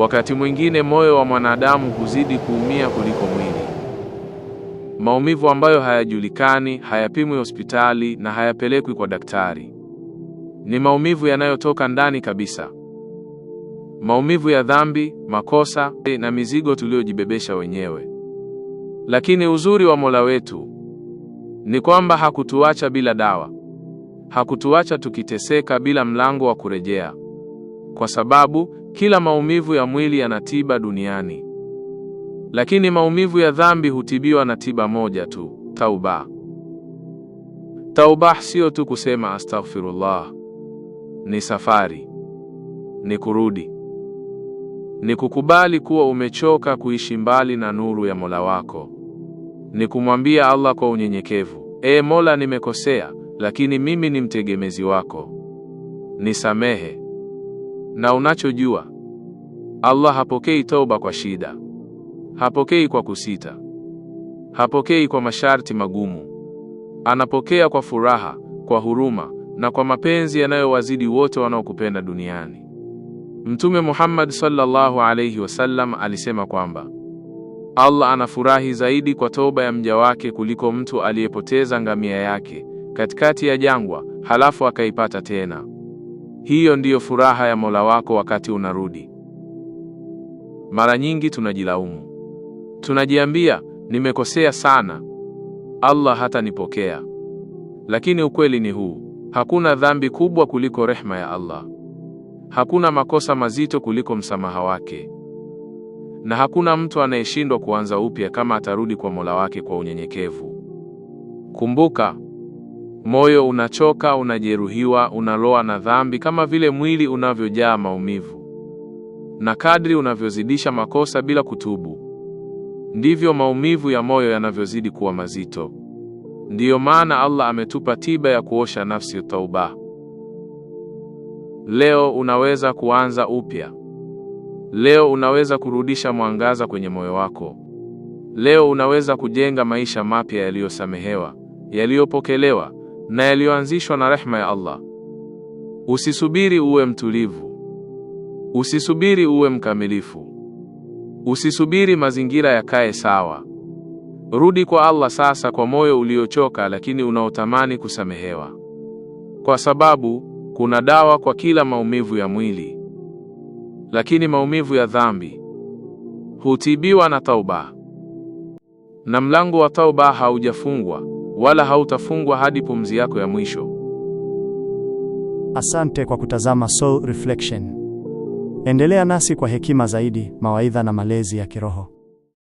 Wakati mwingine moyo wa mwanadamu huzidi kuumia kuliko mwili. Maumivu ambayo hayajulikani, hayapimwi hospitali na hayapelekwi kwa daktari. Ni maumivu yanayotoka ndani kabisa. Maumivu ya dhambi, makosa na mizigo tuliyojibebesha wenyewe. Lakini uzuri wa Mola wetu ni kwamba hakutuacha bila dawa. Hakutuacha tukiteseka bila mlango wa kurejea. Kwa sababu kila maumivu ya mwili yana tiba duniani, lakini maumivu ya dhambi hutibiwa na tiba moja tu, tauba. Tauba sio tu kusema astaghfirullah, ni safari, ni kurudi, ni kukubali kuwa umechoka kuishi mbali na nuru ya Mola wako, ni kumwambia Allah kwa unyenyekevu, ee Mola, nimekosea, lakini mimi ni mtegemezi wako, nisamehe na unachojua. Allah hapokei toba kwa shida, hapokei kwa kusita, hapokei kwa masharti magumu. Anapokea kwa furaha, kwa huruma na kwa mapenzi yanayowazidi wote wanaokupenda duniani. Mtume Muhammad sallallahu alayhi wasallam alisema kwamba Allah anafurahi zaidi kwa toba ya mja wake kuliko mtu aliyepoteza ngamia yake katikati ya jangwa halafu akaipata tena. Hiyo ndiyo furaha ya Mola wako wakati unarudi. Mara nyingi tunajilaumu, tunajiambia nimekosea sana, Allah hatanipokea. Lakini ukweli ni huu: hakuna dhambi kubwa kuliko rehma ya Allah, hakuna makosa mazito kuliko msamaha wake, na hakuna mtu anayeshindwa kuanza upya kama atarudi kwa Mola wake kwa unyenyekevu. Kumbuka, Moyo unachoka, unajeruhiwa, unaloa na dhambi kama vile mwili unavyojaa maumivu. Na kadri unavyozidisha makosa bila kutubu, ndivyo maumivu ya moyo yanavyozidi kuwa mazito. Ndiyo maana Allah ametupa tiba ya kuosha nafsi, tauba. Leo unaweza kuanza upya. Leo unaweza kurudisha mwangaza kwenye moyo wako. Leo unaweza kujenga maisha mapya yaliyosamehewa, yaliyopokelewa na yaliyoanzishwa na rehema ya Allah. Usisubiri uwe mtulivu, usisubiri uwe mkamilifu, usisubiri mazingira yakae sawa. Rudi kwa Allah sasa kwa moyo uliochoka lakini unaotamani kusamehewa, kwa sababu kuna dawa kwa kila maumivu ya mwili, lakini maumivu ya dhambi hutibiwa na tauba, na mlango wa tauba haujafungwa wala hautafungwa hadi pumzi yako ya mwisho. Asante kwa kutazama Soul Reflection. Endelea nasi kwa hekima zaidi, mawaidha na malezi ya kiroho.